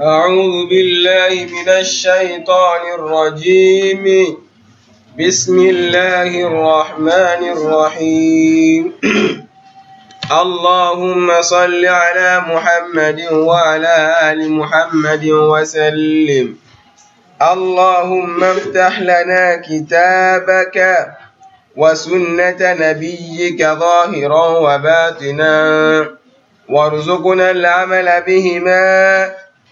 أعوذ بالله من الشيطان الرجيم بسم الله الرحمن الرحيم اللهم صل على محمد وعلى آل محمد وسلم اللهم افتح لنا كتابك وسنة نبيك ظاهرا وباطنا وارزقنا العمل بهما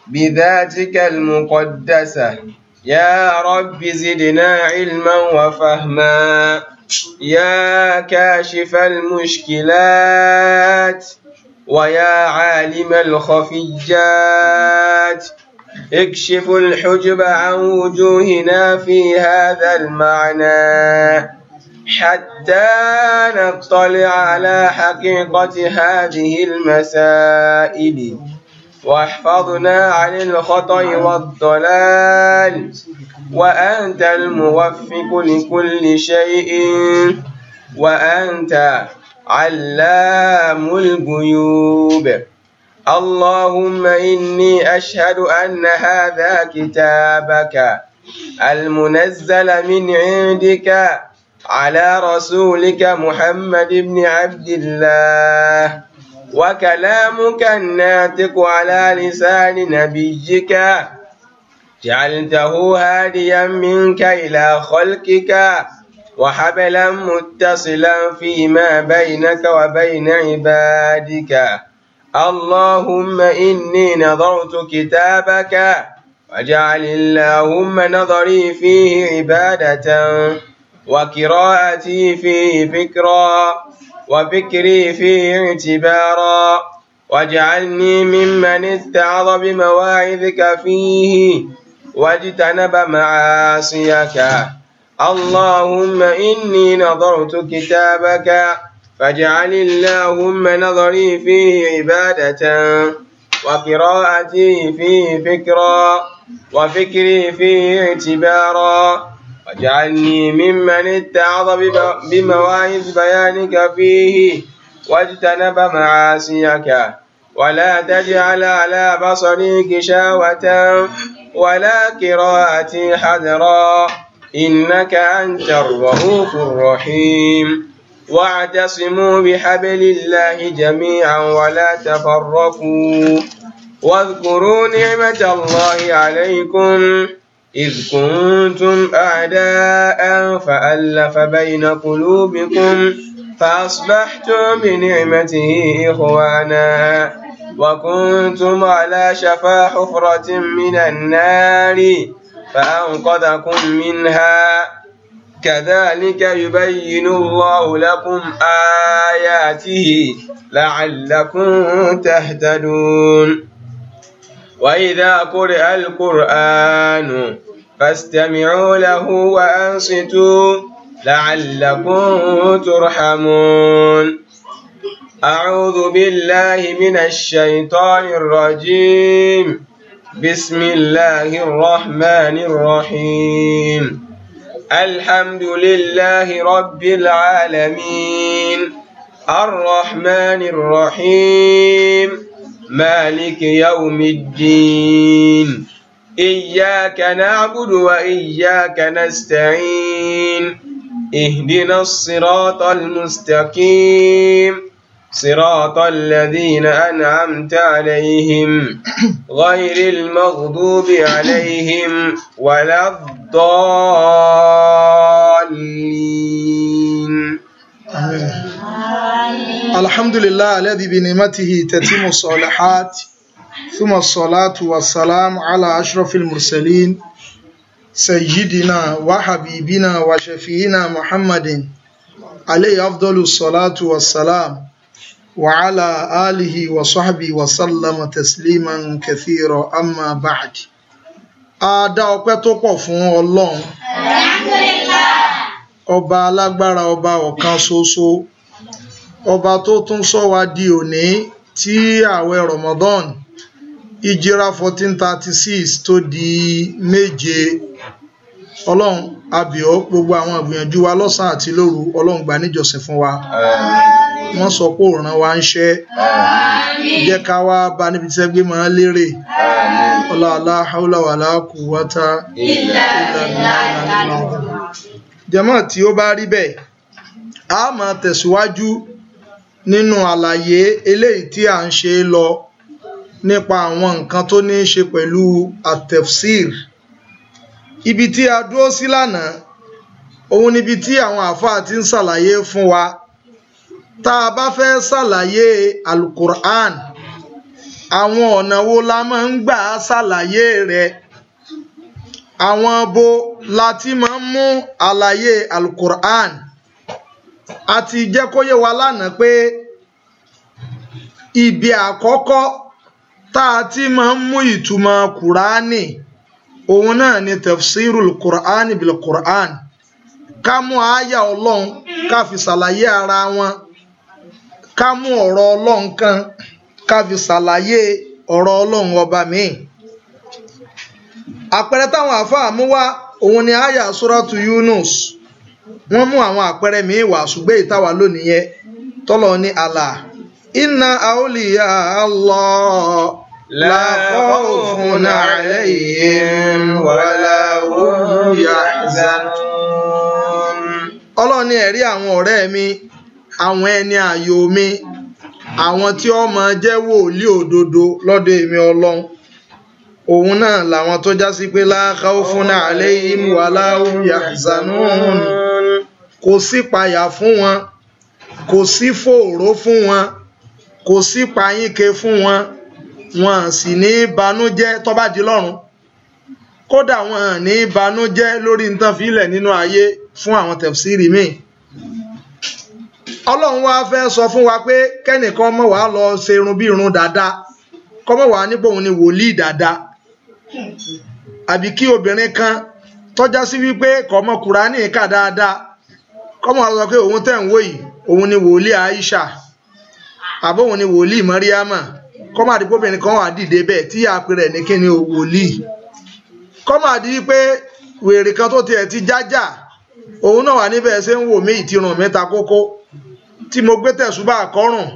بذاتك المقدسة يا رب زدنا علما وفهما يا كاشف المشكلات ويا عالم الخفيات اكشف الحجب عن وجوهنا في هذا المعنى حتى نطلع على حقيقة هذه المسائل واحفظنا عن الخطأ والضلال وأنت الموفق لكل شيء وأنت علام الغيوب اللهم إني أشهد أن هذا كتابك المنزل من عندك على رسولك محمد بن عبد الله وكلامك الناطق على لسان نبيك جعلته هاديا منك إلى خلقك وحبلا متصلا فيما بينك وبين عبادك اللهم إني نظرت كتابك واجعل اللهم نظري فيه عبادة وقراءتي فيه فكرا وفكري فيه اعتبارا واجعلني ممن استعظ بمواعظك فيه واجتنب معاصيك اللهم إني نظرت كتابك فاجعل اللهم نظري فيه عبادة وقراءتي فيه فكرا وفكري فيه اعتبارا واجعلني ممن اتعظ بمواعظ بيانك فيه واجتنب معاصيك ولا تجعل على بصري غشاوة ولا قراءتي حذرا إنك أنت الرؤوف الرحيم واعتصموا بحبل الله جميعا ولا تفرقوا واذكروا نعمة الله عليكم إذ كنتم أعداء فألف بين قلوبكم فأصبحتم بنعمته إخوانا وكنتم على شفا حفرة من النار فأنقذكم منها كذلك يبين الله لكم آياته لعلكم تهتدون وإذا قرئ القرآن فاستمعوا له وأنصتوا لعلكم ترحمون أعوذ بالله من الشيطان الرجيم بسم الله الرحمن الرحيم الحمد لله رب العالمين الرحمن الرحيم مالك يوم الدين إياك نعبد وإياك نستعين اهدنا الصراط المستقيم صراط الذين أنعمت عليهم غير المغضوب عليهم ولا الضالين الحمد لله الذي بنعمته تتم الصالحات ثم الصلاة والسلام على أشرف المرسلين سيدنا وحبيبنا وشفينا محمد عليه أفضل الصلاة والسلام وعلى آله وصحبه وسلم تسليما كثيرا أما بعد Adá ọpẹ́ tó pọ̀ fún Ọlọ́run. Ọba alágbára ọba ọ̀kan ṣoṣo. Ọba tó tún sọ wa di òní tí ààwẹ̀ Ramadan ìjìra fourteen thirty six tó di méje ọlọ́run abìọ́ gbogbo àwọn ìgbìyànjú wa lọ́sàn àti lóru ọlọ́run gbà níjọsìn fún wa wọ́n sọ pé òòrùn wa ń ṣẹ́ jẹ́ ká wá bá níbi tí ẹgbẹ́ máa ń lérè ọláàlá haúláwàlá kù wáta jẹ́mọ̀ tí ó bá rí bẹ́ẹ̀ a máa tẹ̀síwájú nínú àlàyé eléyìí tí à ń ṣe lọ nípa àwọn nǹkan tó ní í ṣe pẹ̀lú atefsir ibi tí a dúró sí lánàá òun níbi tí àwọn àáfàá ti ń ṣàlàyé fún wa tá a bá fẹ́ ṣàlàyé alukur'an àwọn ọ̀nà wo la máa ń gbà ṣàlàyé rẹ̀ àwọn bo la ti máa ń mú àlàyé alukur'an a ti jẹ́ kó yé wa lánàá pé ibi àkọ́kọ́ tá a ti máa ń mú ìtumọ̀ kùránì òun náà ni tafsirul kùránì bil kùránì ká mú àáyà ọlọ́run ká fi ṣàlàyé ara wọn ká mú ọ̀rọ̀ ọlọ́run kan ká fi ṣàlàyé ọ̀rọ̀ ọlọ́run ọba míì àpẹẹrẹ táwọn àáfàá mú wá òun ni àyà suratu Yunus wọ́n mú àwọn àpẹẹrẹ míì wá ṣùgbọ́n ìtawà lónìí yẹn tọ́lọ ní Allah إن أولياء الله لا خوف عليهم ولا هم يحزنون ọlọ́ni ẹ̀rí àwọn ọ̀rẹ́ mi àwọn ẹni mi àwọn tí ó jẹ́ wòlíì òdodo lọ́dọ̀ èmi ọlọ́run òun náà làwọn tó já sí pé la khawfun alayhim wala hum yahzanun kò sí payà fún wọn kò sí fòòró fún wọn kò sí payínke fún wọn wọn sì ní banújẹ́ tó bá di lọ́run kódà wọn ní banújẹ́ lórí nǹkan fílẹ̀ nínú ayé fún àwọn tẹ̀síìrì míì ọlọ́run wá fẹ́ sọ fún wa pé kẹ́nìkan mọ̀ wá lọ ṣe irun bí irun dáadáa kọ́mọ̀ wá nípò òun ni wòlíì dáadáa àbí kí obìnrin kan tọ́já sí wípé kọ́mọ Kùránì kà dáadáa kọ́mọ sọ pé òun tẹ̀ ń wò yìí òun ni wòlíì Aisha àbóhun ni wòlíì mọ́ríámà kọ́mọ àdìgbòbìnrin kan wà dìde bẹ́ẹ̀ tí yà pé rẹ̀ ní kíni o wòlíì kọ́mọ àdì wípé wèrè kan tó tiẹ̀ ti jájà òun náà wà níbẹ̀ ṣe ń wò mí ìtirun mẹ́ta kókó tí mo gbé tẹ̀sùbà kọ́rùn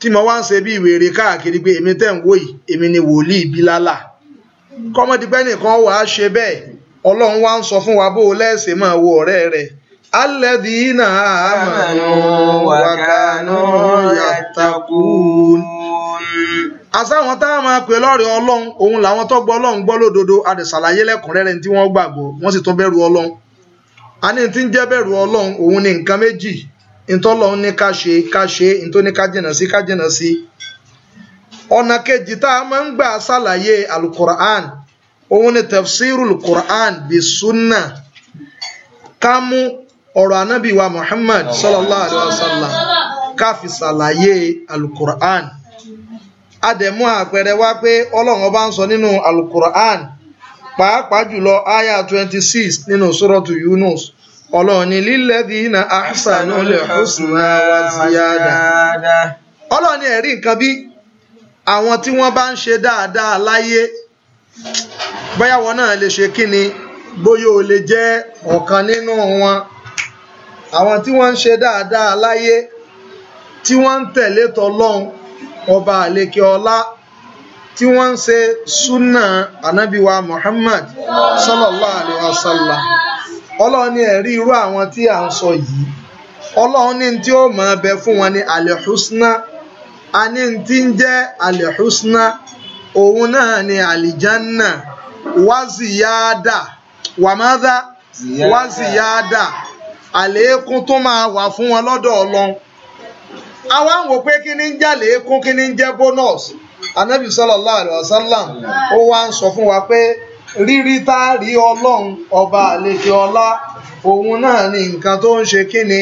tí mo wá ń ṣe bí wèrè káàkiri pé èmi tẹ̀ ń wò yìí èmi ni wòlíì bílálà kọ́mọdé pẹ́ nìkan wà á ṣe bẹ́ẹ̀ ọlọ́run wá ń sọ fún wa bó o lẹ́sìn máa wo ọ̀rẹ́ rẹ̀ الذين آمنوا وكانوا يتقون àsáwọn tá a máa pè lọ́rẹ̀ ọlọrun òun làwọn tó gbọ́ ọlọ́run gbọ́ lódodo àdìsàlàyé lẹ́kùnrẹ́rẹ́ tí wọn gbàgbọ́ wọn sì tún bẹ̀rù ọlọrun. a ní tí ń jẹ́ bẹ̀rù ọlọ́run òun ni nǹkan méjì ntọ́lọ́run ní ká ṣe ká ṣe ntó ní ká jìnà sí ká jìnà sí. ọ̀nà kejì tá a máa ń gbà sàlàyé alukur'an òun ni tafsirul qur'an Sunna. ká mú ọ̀rọ̀ anábì Muhammad sallallahu alaihi wasallam káfí ṣàlàyé alukur'an adẹ̀mú àpẹẹrẹ wá pé ọlọ́run bá ń sọ nínú alukur'an pàápàá jùlọ aya twenty six nínú Yunus ọlọ́run ní lilladhina ahsanul husna wa ziyada ọlọ́run ní ẹ̀rí nǹkan bí àwọn tí wọ́n bá ń ṣe dáadáa láyé báyàwó náà lè ṣe kí ni bóyá o lè jẹ́ ọ̀kan nínú wọn. àwọn tí wọ́n ń ṣe dáadáa láyé tí wọ́n ń tẹ̀lé tọlọ́hun ọba àlekè ọlá tí wọ́n ń ṣe súnà ànábìwá sallallahu wa ọlọ́run ní ẹ̀rí irú àwọn tí à ń sọ yìí ọlọ́run ní tí ó máa bẹ fún wọn ní a tí ń jẹ́ alẹ́húsná ni àlìjánná wá àléékún tó máa wà fún wọn lọ́dọ̀ ọlọ́run àwa ń wò pé kí ni ń jẹ́ àléékún kí ni ń jẹ́ bonus anabi sallallahu alayhi wa sallam ó wá ń sọ fún wa pé rírí tá a rí ọlọ́run ọba àlejò ọlá òun náà ni nǹkan tó ń ṣe kí ni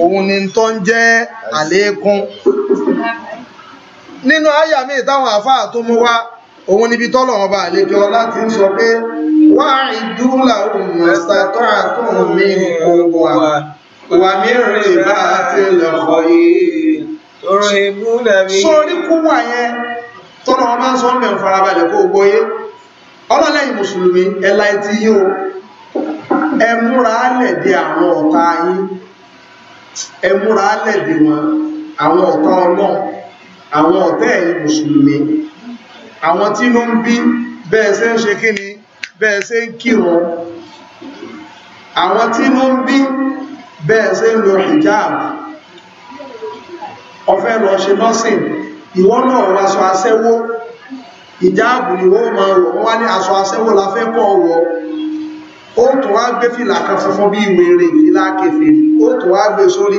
òun ni tó ń jẹ́ àléékún nínú àyà mi táwọn àáfàá tó mú wá òun níbi tọ́lọ́run ọba àlejò ọlá ti sọ pé wá ìdúlà òun ẹ̀sàtọ́ àtúnmí gbogbo wà mírìn bá ti lọ́kọ̀ yìí tọrọ ìbú nàbí sórí kúwà yẹn tọ́nà ọmọ ń sọ mẹ́rin farabalẹ̀ kó gbóyé ọlọ́lẹ́yìn mùsùlùmí ẹ̀la ẹtí yíò ẹ múra lẹ̀dẹ̀ àwọn ọ̀tá yín ẹ múra wọn àwọn ọ̀tá ọlọ́run àwọn ọ̀tá ẹ̀yin mùsùlùmí àwọn tí ló ń bí bẹ́ẹ̀ ṣe ń ṣe kí bẹ́ẹ̀ ṣe ń kírun àwọn tí inú ń bí bẹ́ẹ̀ ṣe ń lo hijab ọ̀fẹ́ lọ ṣe nọ́sìn ìwọ náà wọ aṣọ aṣẹ́wó ìjáàbù ni wọ́n máa wọ̀ wọ́n wá ní aṣọ aṣẹ́wó la fẹ́ kọ́ wọ̀ ó tún wá gbé fìlà kan funfun bí wèrè fìlà kèfèrí ó tún wá gbé sórí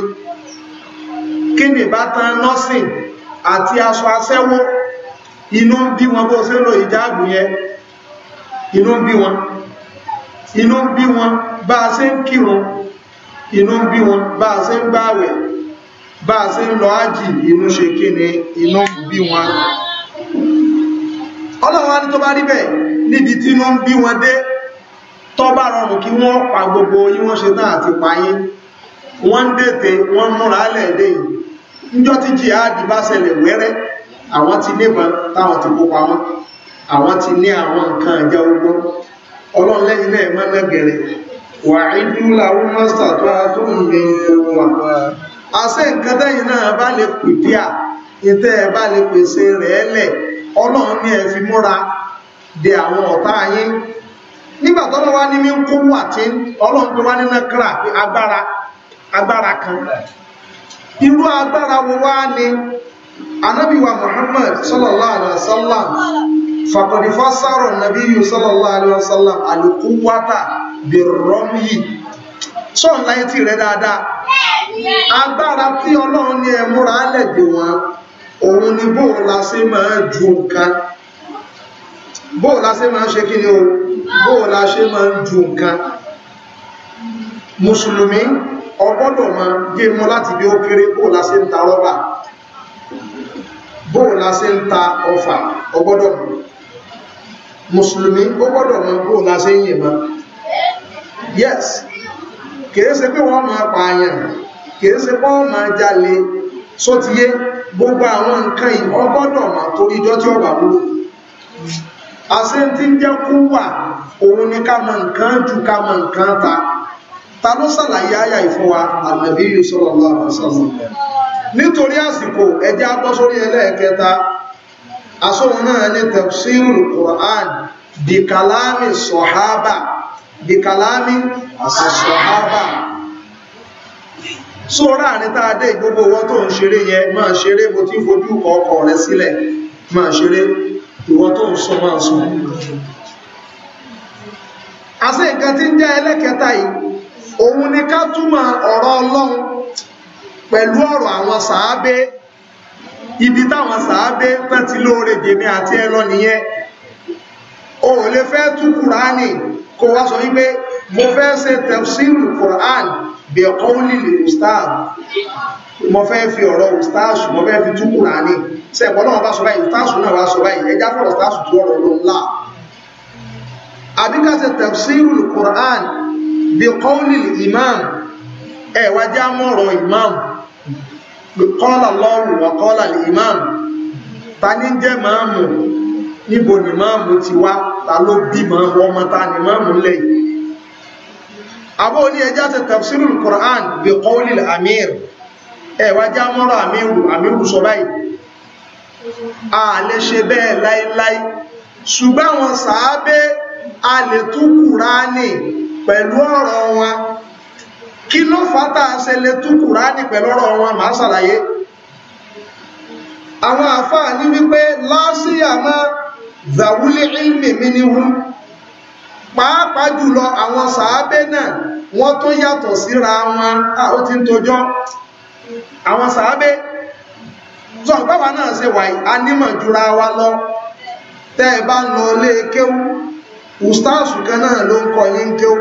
kí ni ìbátan nọ́sìn àti aṣọ aṣẹ́wó inú ń bí wọn bó ṣe ń lo ìjáàbù yẹn inú ń bí wọn inú ń bí wọn bá a ṣe ń kírun inú ń bí wọn bá a ṣe ń gbààwẹ̀ bá a ṣe ń lọ ájì inú ṣe kí ni inú ń bí wọn ọlọ́wọ́ ní tó bá rí bẹ́ẹ̀ níbi tí inú ń bí wọn dé tó bá rọrùn kí wọ́n pa gbogbo yín wọ́n ṣe tán àti payín wọ́n ń dètè wọ́n múra lẹ́ẹ̀dẹ́ yìí níjọ́ tí jihadi bá ṣẹlẹ̀ wẹ́rẹ́ àwọn ti níbọn táwọn ti kópa wọn àwọn ti ní àwọn nǹkan ìjà ogun ọlọ́run lẹ́yìn náà mọ́ nẹ́gẹ̀rẹ̀ wà ìlú làwọn mọ́sítà tó a tó ń mi wà àṣẹ nǹkan tẹ́yìn náà bá lè pèpè à ìtẹ́ ẹ bá lè pèsè rẹ̀ lẹ̀ ọlọ́run ní ẹ fi múra de àwọn ọ̀tá yín nígbà tó lọ́wọ́ ní mi ń kó wà tí ọlọ́run tó wá nínú kíra agbára agbára kan irú agbára wo wá ni anábìwà Muhammad sallallahu alaihi wa sallam fàkọ̀dì fásárọ̀ nàbí yìí sallallahu alaihi wasallam àlùkúwátà bí rọ́mìí sọ́n láyé tí rẹ̀ dáadáa agbára tí ọlọ́run ní ẹmúra lẹ̀dẹ̀ wọn òun ni bóò la ṣe máa ju nǹkan bóò la ṣe máa ṣe kí ni o bóò la ṣe máa ju nǹkan mùsùlùmí ọgbọ́dọ̀ máa gé mọ́ láti bí ó kéré bóò la ń ta rọ́bà bóò la ń ta ọfà ọgbọ́dọ̀ mọ́ mùsùlùmí ó gbọ́dọ̀ mọ bó la ṣe ń ma. yes kìí ṣe pé wọ́n máa pààyàn kìí ṣe pé wọ́n máa jalè sótìyé gbogbo àwọn nǹkan yìí wọ́n gbọ́dọ̀ mọ̀ torí ijọ́ tí ọba wúlò àṣẹ tí ń jẹ́ wà òun ni ká mọ nǹkan ju ká mọ nǹkan ta ta ló ṣàlàyé àyà ìfún wa nítorí àsìkò asóhun náà ní tafsirul Qur'an bí kàlámì sọ̀hábà bí kàlámì sọ̀hábà so ráàrin tá a dé gbogbo wọn tó ń ṣeré yẹn máa ṣeré bó ti fojú ọkọ rẹ sílẹ̀ máa ṣeré ìwọ tó ń sọ máa sọ àṣẹ nǹkan tí ń jẹ́ ẹlẹ́kẹta yìí òun ni ká túmọ̀ ọ̀rọ̀ Ọlọ́run pẹ̀lú ọ̀rọ̀ àwọn sàábé ibi táwọn sàábé tán ti lóore jèmi àti ẹ lọ nìyẹn o ò lè fẹ́ tú kùránì kó wá sọ wípé mo fẹ́ ṣe tẹ̀síìrù kùrán bí ẹ̀kọ́ lílì ustaz mo fẹ́ fi ọ̀rọ̀ ustaz mo fẹ́ fi tú kùránì sẹ́ẹ̀kọ́ náà bá sọ báyìí ustaz náà wá sọ báyìí ẹjá fọ̀rọ̀ ustaz tú ọ̀rọ̀ ló ńlá àbíká ṣe tẹ̀síìrù kùrán bí ẹ̀kọ́ lílì imam ẹ̀wájá mọ̀rọ̀ imam kọ́lá lọ́rùn wọ́n kọ́lá lè ìmáàmù ta ní jẹ́ máàmù níbo ni máàmù ti wá ta ló bí máàmù ọmọ ta ni máàmù lẹ̀ àbọ̀ ní ẹjá ti tafsiru al-Qur'an bí qawli al-amir ẹ̀wà já mọ́rọ̀ àmìrù àmìrù sọ báyìí a lè ṣe bẹ́ẹ̀ láíláí ṣùgbọ́n wọn sàábé a lè tú Kùránì pẹ̀lú ọ̀rọ̀ wọn kí ló fàtà ṣẹlẹ̀ tú kùránì ọrụ wọn màá ṣàlàyé àwọn àfáà ní wípé láṣíyàmá zàwúlé pàápàá jùlọ àwọn sàábé náà wọ́n tó yàtọ̀ síra wọn ó ti ń àwọn sàábé náà ṣe wà wa lọ ẹ ń lọ ilé kéwú ustaasu kan náà ló ń yín kéwú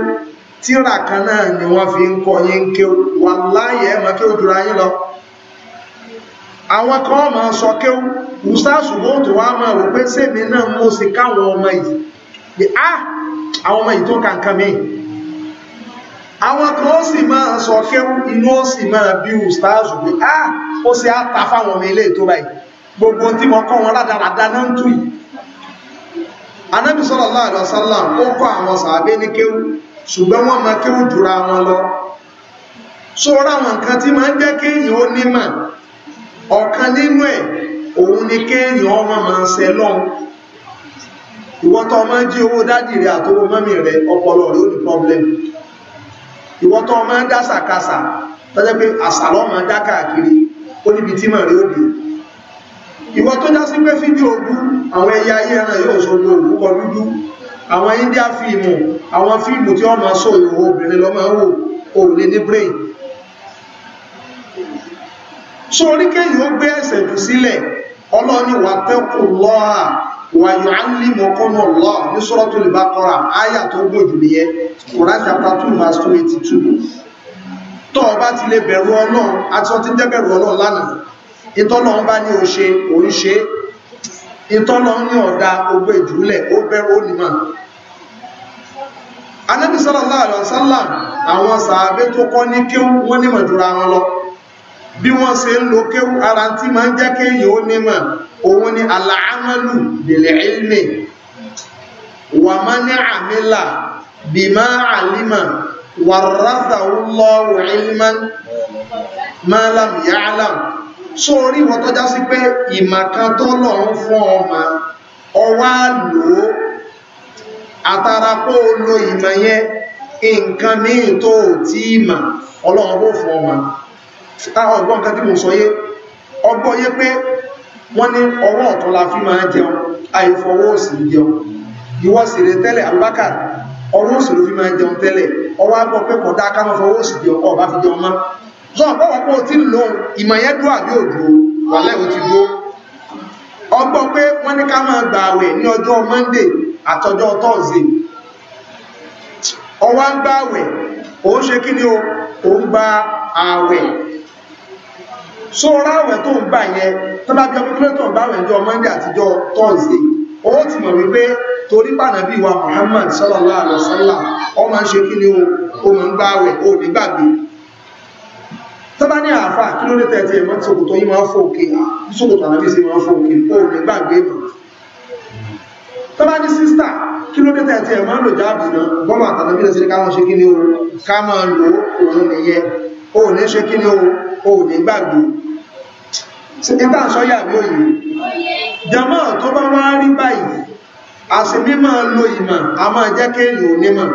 tíra kan náà ni wọ́n fi ń kọ́ yín ké wà láyé ẹ̀mọ́ kí ó dúra yín lọ àwọn kan máa sọ ké wùsáàsù wọ́n tó wá máa rò pé sèmi náà mo sì káwọn ọmọ yìí pé á àwọn ọmọ yìí tó kà nǹkan mìíràn àwọn kan ó sì máa sọ ké inú ó sì máa bí wùsáàsù pé á ó sì á ta fáwọn ọmọ ilé ètò báyìí gbogbo tí mo kọ́ wọn ládàradà náà ń tù yìí anábì sallallahu ó kọ́ àwọn sàábé ní kéwù ṣùgbọ́n wọ́n máa kírù jùra wọn lọ so ráwọn nǹkan tí máa ń jẹ́ kéèyàn ó nímà ọ̀kan nínú ẹ̀ òun ni kéèyàn ọmọ máa ṣẹ lọ́hun ìwọ́tọ̀ ọmọ jí owó dádì rẹ̀ àtọwọ́ mọ́mì rẹ̀ ọpọlọ rẹ̀ ó ní problem ìwọ́tọ̀ ọmọ dá sàkàsà tọ́jẹ́ pé àsàlọ́ máa dá káàkiri ó níbi tí màrí ó dé ìwọ́ tó dá sí pé fídíò ogún àwọn ẹyà ayé ẹran yóò sọ ogún òkú kọ lójú àwọn india fíìmù àwọn fíìmù tí wọ́n máa sọ ìwò obìnrin lọ máa wò ó lè ní brain so oríkẹ́yìn ó gbé ẹ̀sẹ̀ jù sílẹ̀ ọlọ́ni wà tẹ́kù lọ́à wà yóò á lè mọ́kànnà lọ́ ní Suratul Baqara áyà tó gbòjù nìyẹn Quran chapter two verse two eighty two tọ́ ọba ti lè bẹ̀rù ọlọ́run àti ọtí jẹ́ bẹ̀rù ọlọ́run lánàá ìtọ́nà ọba ní o ṣe ìtọ́nà ní ọ̀dá ogbó ìjúlẹ̀ ó bẹ̀rù onímọ̀ anábì sallallahu alaihi wasallam àwọn sàábé tó kọ́ ní kéwú wọ́n nímọ̀ jùra wọn lọ bí wọ́n ṣe ń lo kéwú ara tí máa ń jẹ́ kéèyàn ó nímọ̀ òun ni al-amalu bil-ilmi wa man amila bima alima warathahu Allahu ilman ma lam ya'lam so orí ìwọ tọ́já sí pé ìmọ̀kan tó lọ́run fún ọmọ ọwá lò ó àtàrà pé ó lo ìmọ̀ yẹn nǹkan míì tó tí ìmọ̀ ọlọ́run bó fún ọmọ táwọn ọgbọ́n nǹkan tí mo sọ yé ọgbọ́n yé pé wọ́n ní ọwọ́ ọ̀tún la fi máa jẹun àìfọwọ́ òsì jẹun ìwọ sì rè tẹ́lẹ̀ Abubakar ọwọ́ òsì ló fi máa jẹun tẹ́lẹ̀ ọwọ́ agbọ́ pé kódà ká má fọwọ́ òsì jẹun ọba fi jẹun mọ́ so àpọ̀wọ̀ pé o ti ń lo ìmọ̀ yẹn dúró àbí òdúró wàlẹ́ o ti dúró ọgbọ́n pé wọ́n ní ká gbà àwẹ̀ ní ọjọ́ monday àtọjọ́ thursday ọwá ń o àwẹ̀ òun ni o òun gba so tó ń gbà yẹn tó bá tó ń àwẹ̀ ọjọ́ ti mọ̀ wípé torí wa Muhammad sallallahu ń o òun ń àwẹ̀ òun tó bá ní àáfà kí ló dé tẹ́tí ẹ̀mọ́ tí òkùtọ̀ yí máa ń fò òkè ìṣòkòtò àwọn ìṣe máa ń fò òkè ó ní gbàgbé mọ̀ tó bá ní sísítà kí ló dé tẹ́tí ẹ̀mọ́ ń lò jáàbù náà bọ́mọ̀ àtàlọ́ bí lọ́sí káwọn ṣe kí o ká máa lò ó òun nìyẹ ó ní ṣe o ó ní gbàgbé ìta sọ́yà bí òyìn jama tó a máa jẹ́ kéèyàn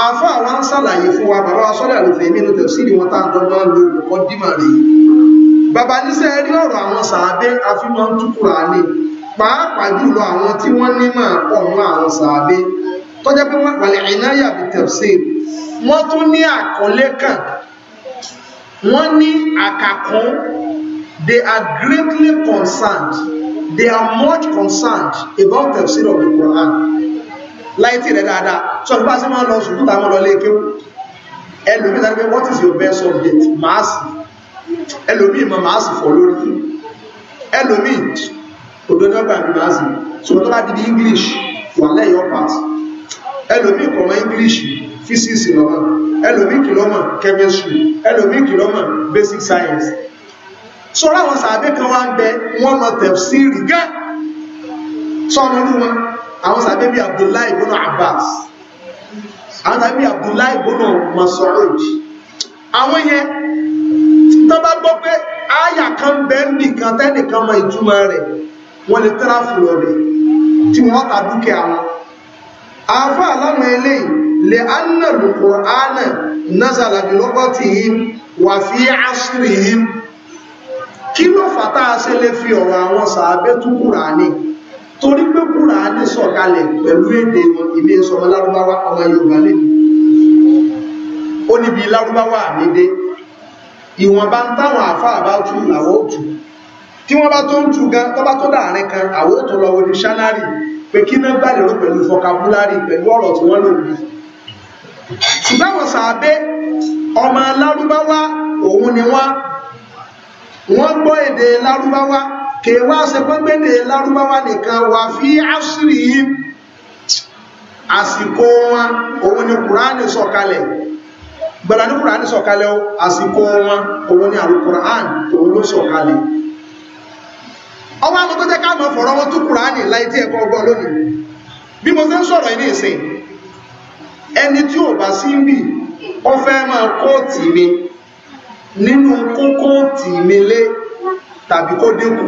àáfà wa ń ṣàlàyé fún wa bàbá wa sọ́dọ̀ àlùfẹ́ mi nù tẹ̀síìrì wọn tá a dọ́gbọ́ ń lo olùkọ́ dìmọ̀ rè bàbá níṣẹ́ rí ọ̀rọ̀ àwọn sàábẹ́ àfihàn túkúrà ní pàápàá jùlọ àwọn tí wọ́n ní máa pọ̀ mọ́ àwọn sàábẹ́ tọ́jẹ́ pé wọ́n pàlẹ̀ ìnáyà bí tẹ̀síìrì wọ́n tún ní àkọlé kan wọ́n ní àkàkún they are greatly concerned they are much concerned about tafsir of the Quran láìtì rẹ̀ dáadáa sọ bá sí máa lọ sùkúù táwọn lọ lé kéwù ẹlòmí tàbí pé what is your best subject maasi ẹlòmí ìmọ̀ maasi fọ́ lórí ẹlòmí òdòdọ́gbà ní maasi ṣùgbọ́n tó bá di bí English wà lẹ́yọ̀ part ẹlòmí kọ̀mọ̀ English physics lọ́mọ̀ ẹlòmí kìlọ́mọ̀ chemistry ẹlòmí kìlọ́mọ̀ basic science sọ́ra àwọn sàbẹ̀ kan wá ń bẹ wọ́n mọ̀ tẹ̀síìrì gẹ́ sọ́mọ́lú wọn àwọn sàbẹ́ bí Abdullahi ibn Abbas àwọn sàbẹ́ bí Abdullahi ibn Mas'ud àwọn yẹn tó bá gbọ́ pé àyà kan bẹ́ nìkan tẹ́nìkan mọ ìtumọ̀ rẹ̀ wọ́n lè tẹ́ráfù lọ rẹ̀ tí wọ́n ta dúkìá wọn àfà aláwọn eléyìí lè anna al-Qur'ana nazala bi lugatihim wà fi asrihim kí ló fàtà ṣe lè fi ọ̀rọ̀ àwọn sàbẹ́ Kùránì torí pé kúrà ní sọ̀kalẹ̀ pẹ̀lú èdè ilé sọmọ lárúbáwá ọmọ yorùbá lè ó níbi lárúbáwá mi dé ìwọ̀nba ń táwọn àfáà bá tú làwọ́ òtù tí wọ́n bá tó ń tú gan tó bá tó dáàrin kan àwọ́ òtù lọ wọ́n dictionary pé kí náà gbà lérò pẹ̀lú vocabulary pẹ̀lú ọ̀rọ̀ tí wọ́n lò bí ṣùgbọ́n àwọn sàábé ọmọ lárúbáwá òun ni wọ́n wọ́n gbọ́ èdè lárúbáwá kèé wá ṣe pẹ́gbẹ́dẹ̀ nìkan wà fí áṣírí yìí àsìkò wọn òun ni kùránì sọ̀kalẹ̀ gbọ́dá ní kùránì sọ̀kalẹ̀ àsìkò wọn òun ni àrùkùránì òun ló sọ̀kalẹ̀ ọwọ́ àwọn tó jẹ́ káàmọ̀ fọ̀rọ̀ wọn tó kùránì láì tí ẹ̀kọ́ ọgbọ́n lónìí bí mo ṣe ń sọ̀rọ̀ ní ìsìn ẹni tí ò bá sí ń bì ọ fẹ́ máa kóòtì mi nínú kókóòtì mi lé tàbí kó dínkù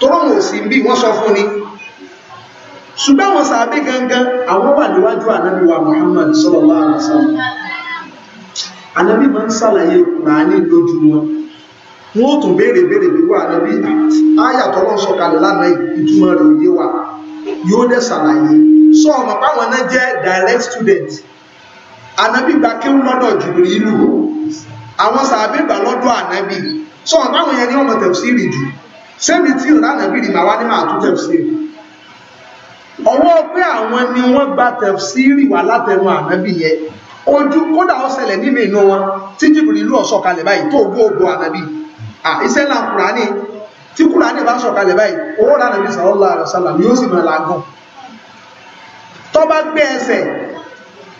tóró mò sí bí wọ́n sọ fún ni ṣùgbọ́n wọn sàábé gangan àwọn wà níwájú ànábì wa Muhammad sallallahu alaihi wasallam ànábì máa ń sàlàyé kùránì lójú wọn wọn ó tún béèrè béèrè bí wà ànábì àyà tọ́lọ́ sọ̀kalẹ̀ lánàá ìtumọ̀ rẹ̀ òye wa yóò dẹ̀ sàlàyé sọ ọmọ páwọn náà jẹ́ direct student ànábì gba kéwù lọ́dọ̀ jùlọ ìlú àwọn sàábé gbà lọ́dọ̀ ànábì sọ àbáwọn yẹn ní ọmọ tẹ̀síìrì jù sẹ́mi tí ò lánàá bìrì màá wá ní màá tún tẹ̀síìrì ọwọ́ pé àwọn ni wọ́n gba tẹ̀síìrì wà látẹnu ànábì yẹn ojú kódà ó ṣẹlẹ̀ nínú inú wọn tí jìbìrì ìlú ọ̀sọ̀kalẹ̀ báyìí tó gbó ògbó ànábì iṣẹ́ ńlá kùránì tí kùránì bá sọ̀kalẹ̀ báyìí owó lánàbì sallallahu alaihi wasallam yóò sì máa làágùn tó bá gbé ẹsẹ̀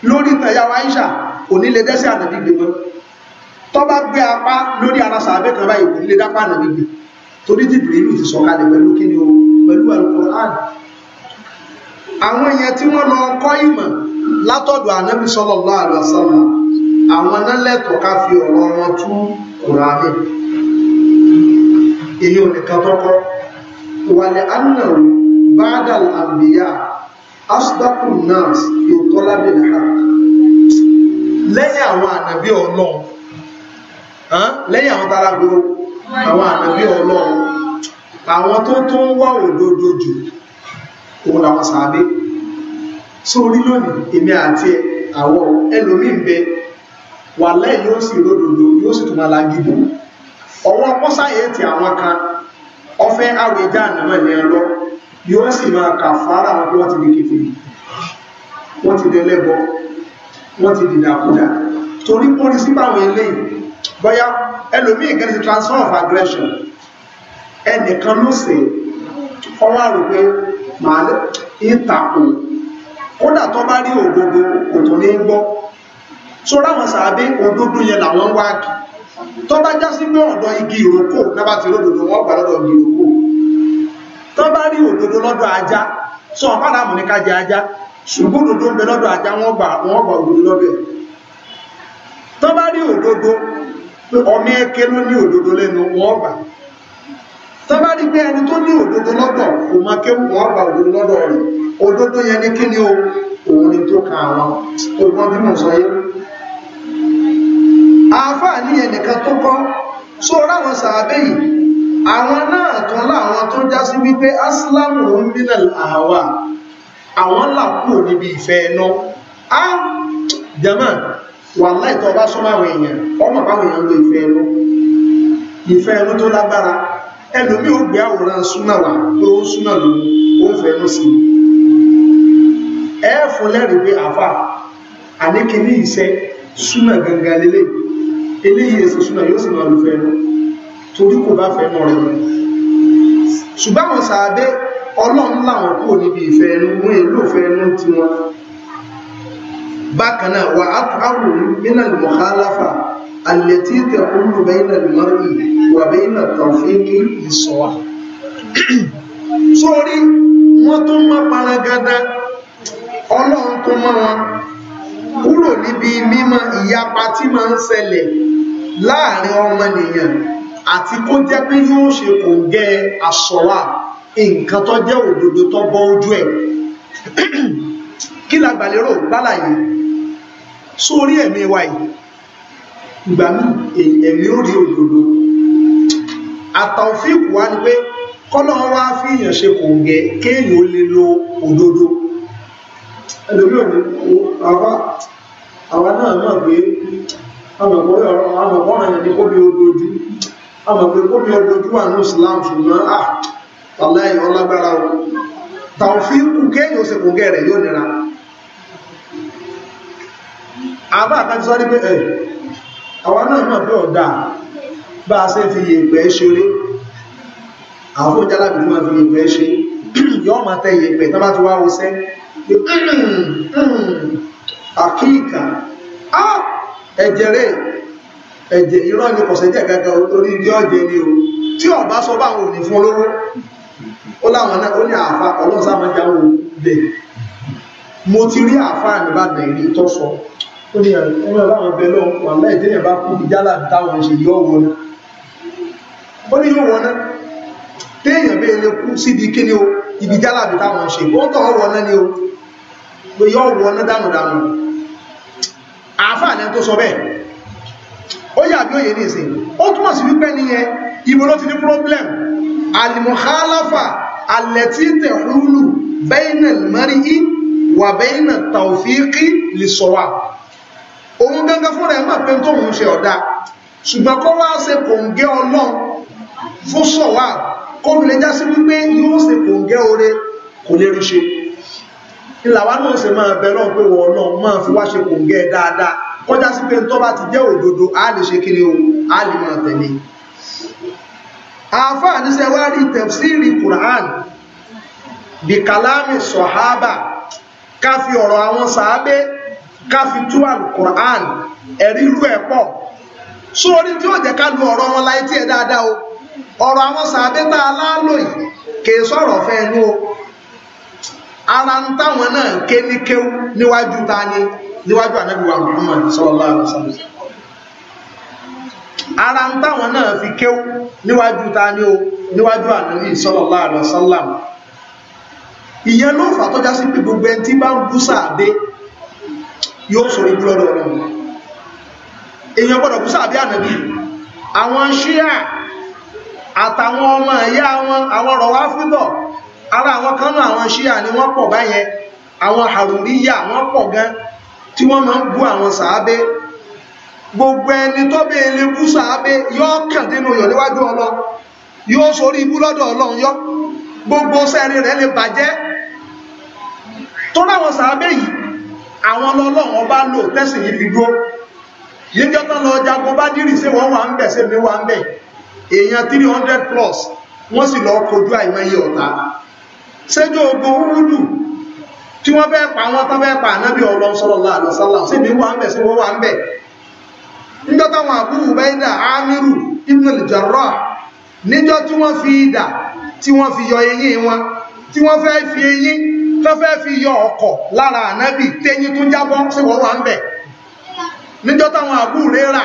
lórí tẹ̀yàwó Aisha kò ní lè dẹ́sẹ̀ ànábì gbé mọ́ tó bá gbé apá lórí ara sàbẹ́ kan báyìí kò nílé dápá ànàbí gbé torí tí bìrìlù ti sọ̀kalẹ̀ pẹ̀lú kíni o pẹ̀lú alukur'an àwọn èèyàn tí wọ́n lọ kọ́ ìmọ̀ látọ̀dọ̀ ànábì sallallahu alaihi wasallam àwọn nálẹ̀tọ̀ ká fi ọ̀rọ̀ wọn tú kùránì èyí ò nìkan tọ́kọ́ wàlẹ̀ annahu ba'dal anbiya asdaqun nas bi talabil haqq lẹ́yìn àwọn ànábì ọlọ́run lẹ́yìn àwọn tara gbogbo àwọn ànábí ọlọ́run àwọn tó tó ń wá òdodo jù òun làwọn sàábé sórí lónìí èmi àti àwọn ẹlòmí ń bẹ wà lẹ́yìn yóò sì ródòdó yóò sì tún ala gidi ọwọ́ pọ́sáyẹ̀tì àwọn kan ọfẹ́ àwẹjá ànàmọ́ ìyẹn lọ yóò sì máa kà fara àwọn tó wọ́n ti di kéfèé wọ́n ti dẹlẹ́bọ wọ́n ti dìdàkudà torí pọ́nrí sípàwọn eléyìí bọ́yá ẹlòmí ìgẹ́ ti transform of aggression ẹnìkan ló sì ọwọ́ àrò pé màá ìtàkùn kódà tó bá rí òdodo kò tó ní gbọ́ so ráwọn sàábé òdodo yẹn làwọn wá kì tó bá já sí pé ọ̀dọ̀ igi ìrókò náà bá ti ródòdó wọn gbà lọ́dọ̀ igi ìrókò tó bá rí òdodo lọ́dọ̀ ajá sọ ọ̀pára mú ní kájẹ ajá ṣùgbọ́n òdodo ń bẹ lọ́dọ̀ ajá wọn gbà òdodo lọ́dọ̀ tó bá rí òdodo pé ọmọ ẹkẹ ló ní òdodo lẹ́nu wọ́n bà tọ́bá rí pé ẹni tó ní òdodo lọ́dọ̀ kò máa ké wọ́n bà òdodo lọ́dọ̀ rẹ̀ òdodo yẹn ní kí o òun ni tó ka àwọn tó gbọ́n bí mo sọ yé àáfàá ní ẹnìkan tó kọ́ só ráwọn sàábẹ́ yìí àwọn náà tán láwọn tó já sí wípé asílámù ń bínà àwa àwọn làkúrò níbi ìfẹ́ ẹ̀nà á jama wàhálà ìtọ́ bá súnmọ́ àwọn èèyàn ọmọ báwọn èèyàn lo ìfẹ́ ẹnu ìfẹ́ ẹnu tó lágbára ẹlòmí ò gbé àwòrán súnà wà pé ó súnà ló ó fẹ́ ẹnu sí ẹ fún lẹ́rìí pé àfà àníkíní iṣẹ́ súnà gangan lélẹ̀ eléyìí èsì súnà yóò sì máa lo fẹ́ ẹnu torí kò bá fẹ́ ẹnu rẹ̀ ṣùgbọ́n àwọn sàábé ọlọ́run làwọn kúrò níbi ìfẹ́ ẹnu wọn èlò fẹ́ ẹnu tiwọn bákan náà wà á tó àrò nínú àlùmọ̀kálàfà àlẹ́tí tẹ̀kúlù bẹ́yìn àlùmọ́rì wà bẹ́yìn àtàfíìkì ìsọ̀wà. sórí wọ́n tó mọ́ paragada ọlọ́run tó mọ́ wọn kúrò níbi mímọ̀ ìyapa tí máa ń ṣẹlẹ̀ láàrin ọmọnìyàn àti kó jẹ́ pé yóò ṣe kò ń gẹ́ àsọ̀wà nǹkan tó jẹ́ òdodo tó bọ́ ojú ẹ̀ kí la gbàlérò gbálàyé sórí ẹ̀mí wa yìí ìgbà míì ẹ̀mí ó rí òdodo àtàwọ̀fíìkù wá ni pé kọ́lọ́ wá fi èèyàn ṣe kò gẹ̀ kéèyàn ó lè lo òdodo ẹlòmí òní àwa àwa náà mọ̀ pé àmọ̀pọ̀ ọ̀rọ̀ àmọ̀pọ̀ ọ̀rọ̀ yẹn ni kó bí odojú àmọ̀pọ̀ kó bí odojú wà ní Islam ṣùgbọ́n à ah, wàláì ọlágbára o tàwọ̀fíìkù kéèyàn ó ṣe kò gẹ̀ rẹ̀ yóò nira àbá àkájú sọ́rí pé ẹ̀ àwọn náà mọ̀ pé ọ̀dà bá a ṣe fi yèpẹ̀ ṣeré àwọn jálàbí máa fi yèpẹ̀ ṣe yọ́ máa tẹ yèpẹ̀ tó bá ti wá wọṣẹ́ pé hmm, hmm, àkíkà ẹ̀jẹ̀ rẹ̀ ẹ̀jẹ̀ irọ́ ni kọ̀sẹ̀jẹ̀ gẹ́gẹ́ orí ilé ọ̀jẹ̀ ni o tí ọba sọ bá òní fún olówó ó láwọn náà ó ní àáfà ọlọ́sàmájà wò lè mo ti rí àáfà mi bá nàìjíríà tó sọ ó ní ẹmọ báwọn bẹ lọ wà láì tẹ́lẹ̀ bá kú ìjálà táwọn ṣe yọ wọn náà ó ní yóò wọn náà téèyàn bẹ́ẹ̀ lè kú síbi kí ni o ibi jálà bí táwọn ṣe ó ń tọ̀ wọn náà ni o pé yọ wọn náà dànù dànù àáfàá lẹ́nu tó sọ bẹ́ẹ̀ ó yà bí òye nìsín ó túmọ̀ sí wípé nìyẹn ibo ló ti ní problem alimuhalafa alẹ́tí tẹ̀húlù bẹ́ẹ̀nà mẹ́rin wà bẹ́ẹ̀nà tàwfíìkì lè sọ wa òun gangan fún rẹ̀ mọ̀ pé tóun ṣe ọ̀dà ṣùgbọ́n kó wá ṣe kòǹgẹ́ ọlọ́run fún sọ̀wá kó lè já sí wípé yóò ṣe kòǹgẹ́ oore kò lè rí ṣe ìlàwá náà ṣe máa bẹ náà pé wọ́n náà máa fi wá ṣe kòǹgẹ́ dáadáa kọjá sí pé tó bá ti jẹ́ òdodo a lè ṣe kiri o a lè máa tẹ̀lé àáfàá níṣẹ́ wá rí tẹ̀fsíìrì Qur'an bí kàlámì sọ̀hábà ká fi ọ̀rọ̀ àwọn sàábé káfi tú alukur'an ẹ̀rí irú ẹ̀ pọ̀ so orí tí ó jẹ́ ká lu ọ̀rọ̀ wọn láì tiẹ̀ dáadáa o ọ̀rọ̀ àwọn sàbẹ́tà aláàlò yìí kìí sọ̀rọ̀ fẹ́ inú o ara ń táwọn náà ké ní kéwú níwájú ta ni níwájú ànábì wa Muhammad sallallahu alaihi wasallam ara ń táwọn náà fi kéwú níwájú ta ni o níwájú ànábì sallallahu alaihi wasallam ìyẹn ló fà tó já sí pé gbogbo ẹni tí bá ń bú sàbẹ́ yóò sọ ibú lọ́dọ̀ ọ̀rọ̀ èèyàn gbọ́dọ̀ kú sáàbí ànàbí àwọn ṣíà àtàwọn ọmọ ẹ̀yà wọn àwọn ọ̀rọ̀ wá fíbọ̀ ara àwọn kánú àwọn ṣíà ni wọ́n pọ̀ báyẹn àwọn àrùríyà wọ́n pọ̀ gan tí wọ́n máa ń bú àwọn sàábé gbogbo ẹni tó bẹ ilé bú sàábé yóò kàn dínú yọ̀ níwájú ọlọ yóò sórí ibú lọ́dọ̀ ọlọ́run yọ gbogbo sẹ́rin rẹ̀ lè bàjẹ́ tó láwọn sàábé yìí àwọn lọ́lọ́wọ́n bá lò tẹ́sì yìí fi dúró níjọ́ tán lọ jagun bá dírì sí wọ́n wà ń bẹ̀ sí mi wà ń bẹ̀ èèyàn 300 plus wọ́n sì lọ kojú àìmọye ọ̀tá séjò ogun wúdù tí wọ́n fẹ́ pa wọ́n tán fẹ́ pa ànábì ọlọ́run sallallahu alaihi wasallam sí mi wà ń bẹ̀ sí wọ́n wà ń bẹ̀ níjọ́ táwọn Abu Ubaida Amiru ibn al-Jarrah níjọ́ tí wọ́n fi idà tí wọ́n fi yọ eyín wọn tí wọ́n fẹ́ fi eyín tó fẹ́ fi yọ ọkọ̀ lára ànábì téyín tó jábọ́ sí wọ́n wà ń bẹ̀ níjọ́ táwọn àbúrérà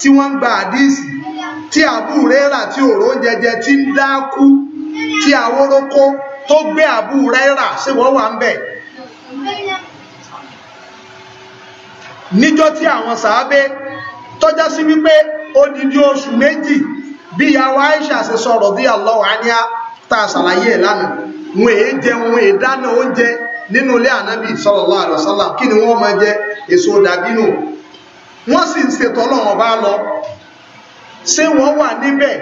tí wọ́n ń gba àdíìsì tí àbúrérà tí òró jẹjẹ tí ń dákú tí àwórókó tó gbé àbúrérà sí wọ́n wà ń bẹ̀ níjọ́ tí àwọn sàábé tọ́já sí wípé odidi oṣù méjì bí ìyàwó Aisha ṣe sọ̀rọ̀ bí Allah àníyá tá a ṣàlàyé ẹ̀ lánàá wọn èé jẹ wọn èé dáná oúnjẹ nínú ilé ànábì sallallahu alaihi wasallam kí ni wọ́n máa jẹ èso dàbínù wọ́n sì ń ṣètò ọlọ́run bá lọ ṣé wọ́n wà níbẹ̀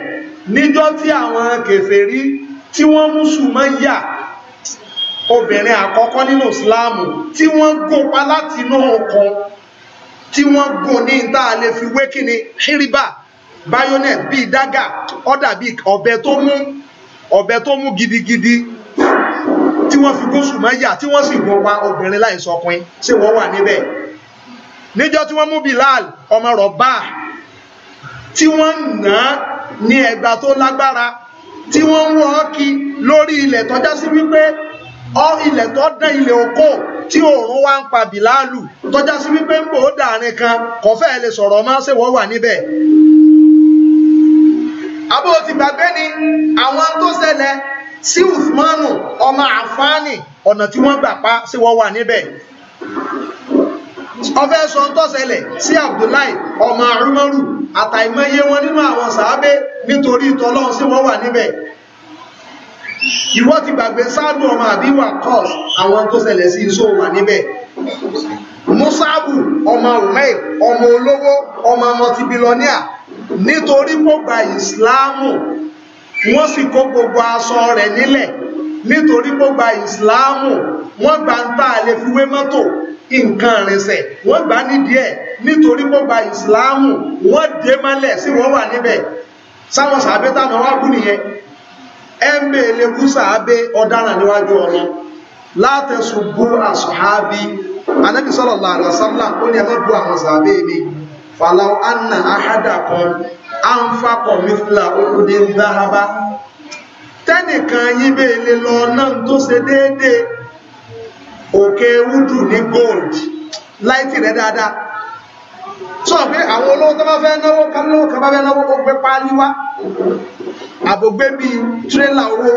níjọ́ tí àwọn kèfèrí tí wọ́n mú sùnmọ́ yà obìnrin àkọ́kọ́ nínú ìsìláàmù tí wọ́n gòpa láti inú ọkàn tí wọ́n gò ní ìta lè fi wé kíni híríbà bayonet bíi dága ọ̀dà bíi ọ̀bẹ tó mú ọ̀bẹ tó mú gidigidi tí wọ́n fi góṣù mọ́yà tí wọ́n sì wọ́n wa obìnrin láì sọkùn ṣé wọ́n wà níbẹ̀ níjọ́ tí wọ́n mú Bilal ọmọ rọ̀bà tí wọ́n nà á ní ẹgbà tó lágbára tí wọ́n ń wọ́ kí lórí ilẹ̀ tọ́já sí wípé ọ ilẹ̀ tó dán ilẹ̀ oko tí òòrùn wá ń pa Bilalu tọ́já sí wípé ń bò ó dàrin kan kò fẹ́ lè sọ̀rọ̀ máa ṣe wọ́n wà níbẹ̀ abó ti gbàgbé ni àwọn tó ṣẹlẹ̀ sí Usmanu ọmọ àfáàní ọ̀nà tí wọ́n gbà pa sí wọ́n wà níbẹ̀ ọfẹ́ sọ ń tọ́sẹlẹ̀ sí Abdullahi ọmọ Umaru àtàìmọye wọn nínú àwọn sàábé nítorí ìtọ́lọ́run sí wọ́n wà níbẹ̀ ìwọ ti gbàgbé sáàdù ọmọ àbíwà kọ́s àwọn tó ṣẹlẹ̀ sí iṣó wà níbẹ̀ musabu ọmọ umair ọmọ olówó ọmọ multibilọ́níà nítorí mo gba ìsìláàmù wọ́n sì kó gbogbo aṣọ rẹ̀ nílẹ̀ nítorí kó gba ìsìláàmù wọ́n gba ń tà lè fi wé mọ́tò nǹkan ìrìnsẹ̀ wọ́n gbà nídìí ẹ̀ nítorí kó gba ìsìláàmù wọ́n dé mọ́lẹ̀ sí wọ́n wà níbẹ̀ sáwọn sàbẹ́ táwọn wá kú nìyẹn ẹ̀mẹ́ lẹ́kú sàbẹ́ ọ̀daràn níwájú ọ̀nà látẹ̀sùbú àṣọ̀hábí anábì sallallahu alaihi wasallam ó ní ẹgbẹ́ bu àwọn sàbẹ́ mi fàlàó anna ahadakum anfakọ̀ mithla dị dáhábá tẹ́nìkan yíbẹ̀ ilé lọ náà tó se déédé òkè wúdù ní gold láìtì dáadáa sọ pé àwọn olówó fẹ́ náwó fẹ́ náwó bíi tírélà owó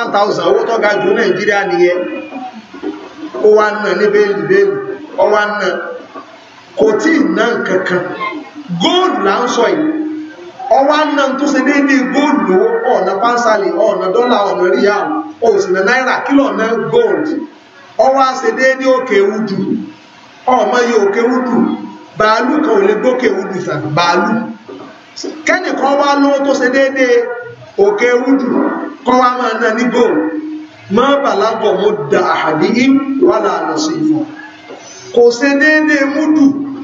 one thousand owó ga Nàìjíríà nìyẹn ó nà ní bẹ́ẹ̀lì bẹ́ẹ̀lì góòlù là ń sọ yìí ọwọ́ àná tó ṣe ọ̀nà pánsálì ọ̀nà dọ́là ọ̀nà ríà òsìnà náírà na ọ̀nà góòlù ọwọ́ ọwụwa déédéé òkè udù ọmọ yìí òkè udù bàálù kan ò lè gbókè udù sàn bàálù kẹ́nìkan tó ṣe déédéé òkè kọ́ máa ná ní má mo da àhàdí wàlà ìfọ̀ kò ṣe déédéé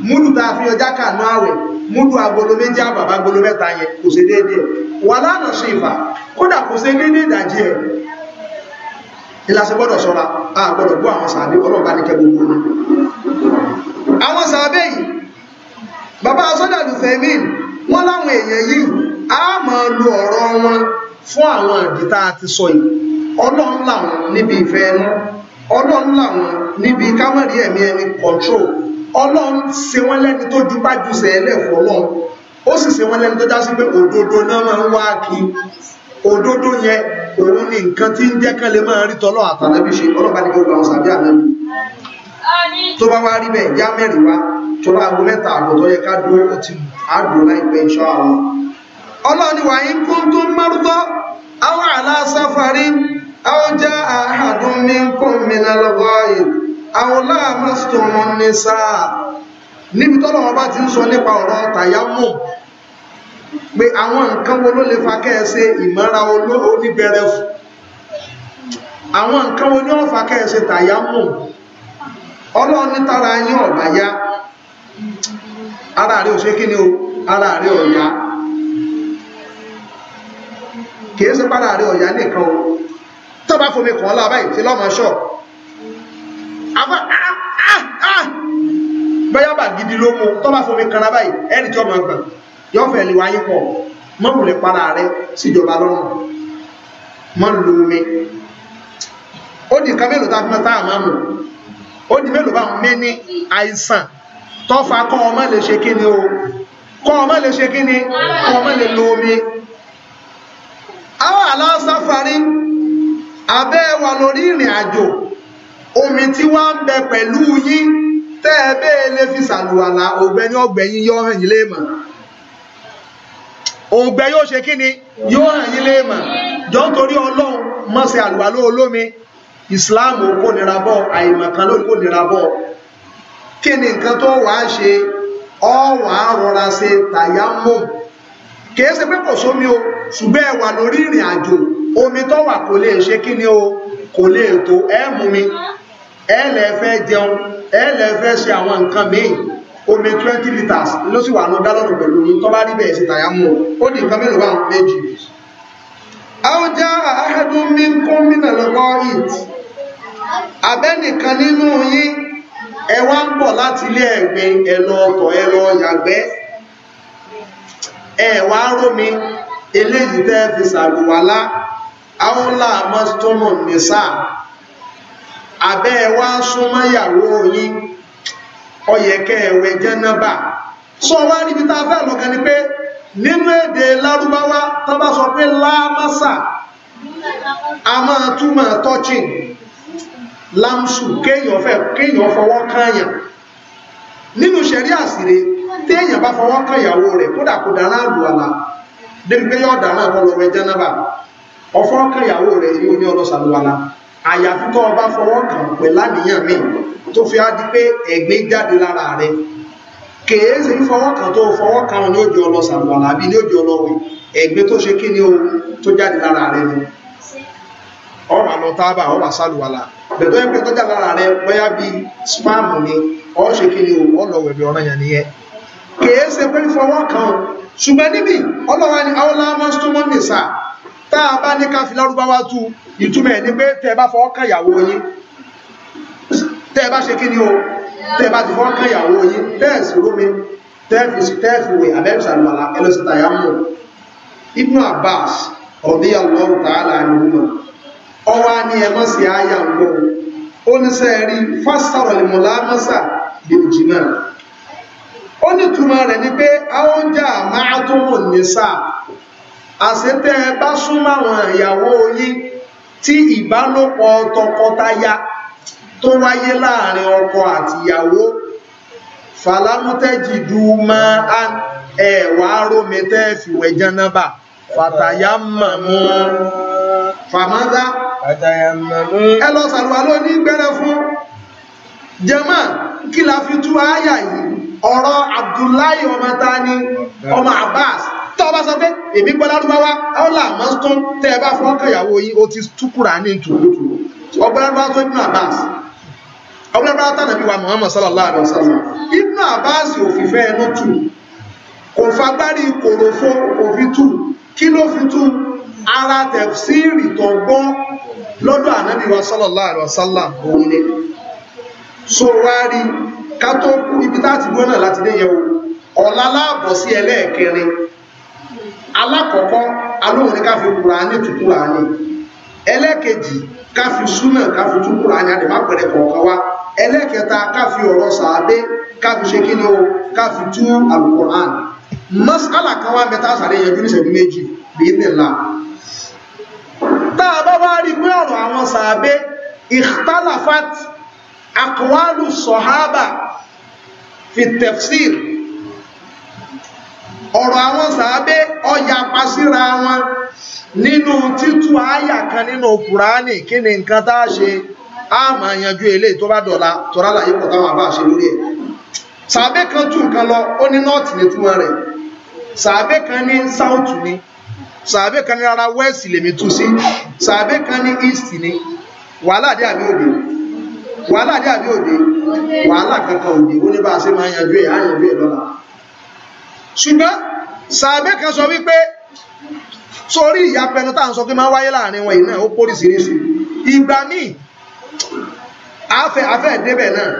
múdù tá a fi ọjà kànú àwẹ̀ múdù agolo méjì àbàbà agolo mẹ́ta yẹn kò ṣe déédéé wà lánà ṣe ìfà kódà kò ṣe déédéé ìdajì ẹ̀ ìlàsẹ̀ gbọ́dọ̀ ṣọ́ra a gbọ́dọ̀ bú àwọn sàbí ọlọ́ọ̀bá ní kẹ́gbọ́n gbọ́n àwọn sàbẹ́ yìí bàbá sọ́jà lùfẹ̀mí wọ́n láwọn èèyàn yìí a máa lu ọ̀rọ̀ wọn fún àwọn àdìtá àti sọ yìí ọlọ́run làwọn níbi ìfẹ́ ẹnu ọlọ́run làwọn níbi kámẹ́rì ẹ̀mí ẹni control ọlọ́run se wọ́n lẹ́ni tó ju pájú sẹ́ẹ̀lẹ̀ fọlọ́run ó sì ṣe wọ́n lẹ́ni tó já sí pé òdodo náà máa ń wá kí òdodo yẹn òun ni nǹkan tí ń jẹ́ kán lè máa rí tọ́lọ́ àtàlẹ́bí ṣe ọlọ́pàá ní gbogbo àwọn sàbí àlẹ́bí tó bá wá rí bẹ́ẹ̀ yá mẹ́rin wá tọ́lá aago mẹ́ta àbọ̀ tó yẹ ká dúró ó ti àdùn láìpẹ́ iṣọ́ àwọn ọlọ́run ni wàá ń kún tó márútọ́ àwọn àlá sáfarí àwọn já àhàdùn ní kún mi lọ́wọ́ ètò àwọn láàmú tó wọn ní sáà níbi tọ́lọ̀ wọn bá ti ń sọ nípa ọ̀rọ̀ tàyámù pé àwọn nǹkan wo ló lè fa kẹ́ẹ̀ṣe ìmọ́ra oníbẹ̀rẹ̀ fún àwọn nǹkan wo ni wọ́n fa kẹ́ẹ̀ṣe tàyámù ọlọ́run ní tára yín ọ̀bá yá ara rẹ̀ ò ṣe kí ni o ara rẹ̀ ọ̀yá kìí ṣe para rẹ̀ ọ̀yá nìkan o tó bá fomi kàn án lábáyìí tí lọ́mọ ṣọ́ọ̀ àbá bẹ́yàbà gidi ló mú tó bá fomi kanra báyìí ẹni tí ọmọ ẹgbẹ̀ yọ fẹ́ lè wáyé pọ̀ mọ́mùlẹ̀ para rẹ síjọba lọ́rùn mọ́ lu omi ó di nǹkan mélòó tá a fi máa táà máa mú ó di mélòó bá mé ní àìsàn tó fa kọ́ ọmọ lè ṣe kí ni o kọ́ ọmọ lè ṣe kí ni kọ́ ọmọ lè lu omi àwọn aláṣàfarí abẹ́ wà lórí ìrìn àjò omi tí wá ń bẹ pẹ̀lú yín tẹ́ ẹ bẹ́ẹ̀ fi ṣàlùwàlà ògbẹ́ni ọ̀gbẹ́yìn yọ hàn léèmọ̀ ògbẹ́ yóò ṣe kí ni yóò hàn yín léèmọ̀ jọ nítorí ọlọ́run olómi ìsìláàmù kò nira ló kò nira bọ̀ kí ọ rọra ṣe ṣe pé kò sómi o ṣùgbọ́n ẹ wà lórí ìrìn omi tó wà kò lè o kò lè tó ẹ mú mi ẹ lè fẹ́ jẹun ẹ lè fẹ́ ṣe àwọn nǹkan míì omi twenty litres ló sì wà ní gálọ́nù pẹ̀lú yín tó bá rí bẹ́ẹ̀ sí tàyámù ó di nǹkan mélòó wà méjì. àwùjá àhẹ́dùn mi ń kún mínà lọ́wọ́ it abẹ́nìkan nínú yín ẹ wá ń bọ̀ láti ilé ẹ̀gbin ẹ lọ ọkọ̀ ẹ lọ yàgbẹ́ ẹ wá rómi eléyìí tẹ́ fi ṣàlùwàlá aola mọ́tọ́mọ̀ nìsá abẹ́ wa súnmọ́yàwó yín ọyẹ̀kẹ́ ẹ̀wẹ̀ jẹ́nàbà sọ wá níbi tá fẹ́ lọ kan ni pé nínú èdè lárúbáwá tó bá sọ pé láàmásà a máa túmọ̀ tọ́chìn lámsù kéèyàn fẹ́ kéèyàn fọwọ́ kányàn nínú ṣẹ̀rí àsìrè téèyàn bá fọwọ́ kányàwó rẹ̀ kódà kó dáná àlùwàlà débi pé ọfọ́ kan ìyàwó rẹ̀ ní oní àyàfi tó ọba fọwọ́ kàn pẹ̀lú àníyàn mi tó fi á di pé ẹ̀gbin jáde lára rẹ̀ kèése fọwọ́ kàn tó fọwọ́ kàn ní òjò ọlọ́sàlúwàlá àbí ní òjò tábà tó jáde lára bóyá ni ọ ṣe kí ni o bí yẹn nìyẹn pé fọwọ́ kàn ṣùgbọ́n níbi ọlọ́wà ni tá a bá ní ká fi lárúbáwá tú ìtumọ̀ ẹ̀ ni pé tẹ́ ẹ bá fọwọ́ kan ìyàwó yín tẹ́ ẹ bá ṣe kí ni o tẹ́ ẹ bá ti fọwọ́ kan ìyàwó yín tẹ́ ẹ sì rómi tẹ́ ẹ fi sí tẹ́ ẹ fi wẹ̀ abẹ́rẹ́ sàlùmọ̀lá ẹlẹ́sìtà yà mọ̀ Ibn Abbas ọ̀dí Allahu ta'ala àyẹ̀wò ọwọ́ á ní ẹ mọ̀ sí àyà ń bọ̀ ó ní sẹ́ẹ̀rí fásitọ̀rọ̀ ni pé àwọn jà máa àṣetẹ́ ẹ bá súnmọ́ àwọn ìyàwó yín tí ìbálòpọ̀ tọkọtaya tó wáyé láàrin ọkọ àtìyàwó fàlámútẹ́jì du máa ẹ̀wà rómi tẹ́ fìwẹ̀ jánábà fàtàyà màmú fàmádá fàtàyà màmú ẹ lọ sàlùwà ló ní gbẹ́rẹ́ fún jẹ́mà kí la fi tú àyà yìí ọ̀rọ̀ Abdullahi ọmọ tani ọmọ Abbas tọ́ ọba sọ pé èmi gbọ́ lárúbáwá ọ́là mọ́sítọ́n tẹ́ ẹ bá fọ́ kẹyàwó yín ó ti túkúrà ní tòótò ọgbọ́n lárúbáwá tó Ibn Abbas ọgbọ́n lárúbáwá tànà bí wa Muhammad sallallahu alaihi wasallam Ibn Abbas òfìfẹ́ ẹnu tù kò fagbárí kòròfo òfin tù kí ló fi tù ara tẹ̀síìrì tó gbọ́n lọ́dọ̀ ànábì wa sallallahu alaihi wasallam òun ni so wá rí ká tó kú ibi táàtì gbọ́nà láti dé yẹ̀wò ọ̀la láàbọ̀ sí ẹlẹ́ẹ̀kẹrin alákọ̀ọ́kọ́ alóhùn ní ká fi kùránì tú kùránì ẹlẹ́kejì ká fi súnà ká fi tú kùránì àdèmá pẹ̀rẹ̀ kọ̀ọ̀kan wá ẹlẹ́kẹta ká fi ọ̀rọ̀ sàádé ká fi ṣe kíni o ká fi tú alukur'an masala kan wá mẹ́ta sàdé yẹjú ní ìṣẹ́jú méjì bíi nìlá tá a bá wá rí pé ọ̀rọ̀ àwọn sàádé ikhtalafat aqwalu sọ̀hábà fi tafsir ọ̀rọ̀ àwọn sàábé ọya pasíra wọn nínú títú àyà kan nínú kùránì kí ni nǹkan tá a ṣe a máa yanjú eléyìí tó bá dọ̀la tọ́ra láyé pọ̀ táwọn àbá ṣe lórí ẹ̀ sàábé kan tú nǹkan lọ ó ní nọ́ọ̀tì ní túmọ̀ rẹ̀ sàábé kan ní sáùtù ni sàábé kan ní rárá wẹ́ẹ̀sì lèmi tú sí sàábé kan ní east ni wàhálà dé àbí òde wàhálà dé àbí òde wàhálà kankan òde ó ní bá a ṣe máa yanjú ẹ̀ á yanjú ẹ̀ lọ́la ṣùgbọ́n sàbẹ́ kan sọ wípé sórí ìyapẹnu tá à ń sọ pé máa wáyé láàrin wọn yìí náà ó póríṣiríṣi ìgbà míì afẹ́ afẹ́ débẹ̀ náà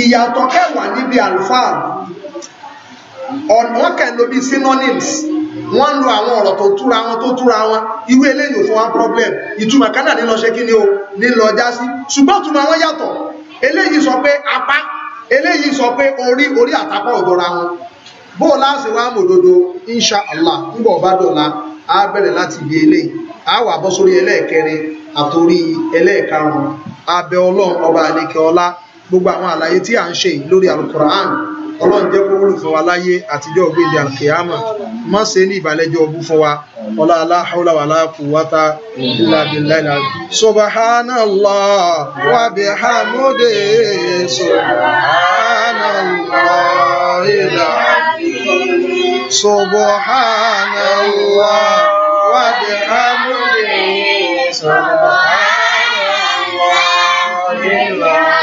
ìyàtọ̀ kẹwàá níbi àlùfáà wọ́n kẹ̀ ló bí synonyms wọ́n ń lo àwọn ọ̀rọ̀ tó túra wọn tó túra wọn irú eléyìí ò fún wa problem ìtumọ̀ kánà ní lọ ṣe kí ni o ní lọ já sí ṣùgbọ́n ìtumọ̀ wọn yàtọ̀ eléyìí sọ pé apá eléyìí sọ pé orí orí àtàpá ò jọra wọn bóòlù àṣewà mòdodo insha allah ńgbọ̀ ọba dọ̀la á bẹ̀rẹ̀ láti bi ele á wà bọ́ sórí ẹlẹ́ẹ̀kẹrin àtòrí ẹlẹ́ẹ̀karùn abẹ ọlọ́run ọba àlekè gbogbo àwọn àlàyé tí a ń ṣe lórí ọlọ́run jẹ́ kó wúlò fún wa láyé àtijọ́ ògbéǹde àkèámà má ṣe ní ìbàlẹ́jọ́ ọbú fún wa ọlá aláhàúlà wà láàkú wátá ìlà bìláìlà subhanallah wa bihamdi subhanallah ìlà subhanallah wa bihamdi subhanallah ìlà.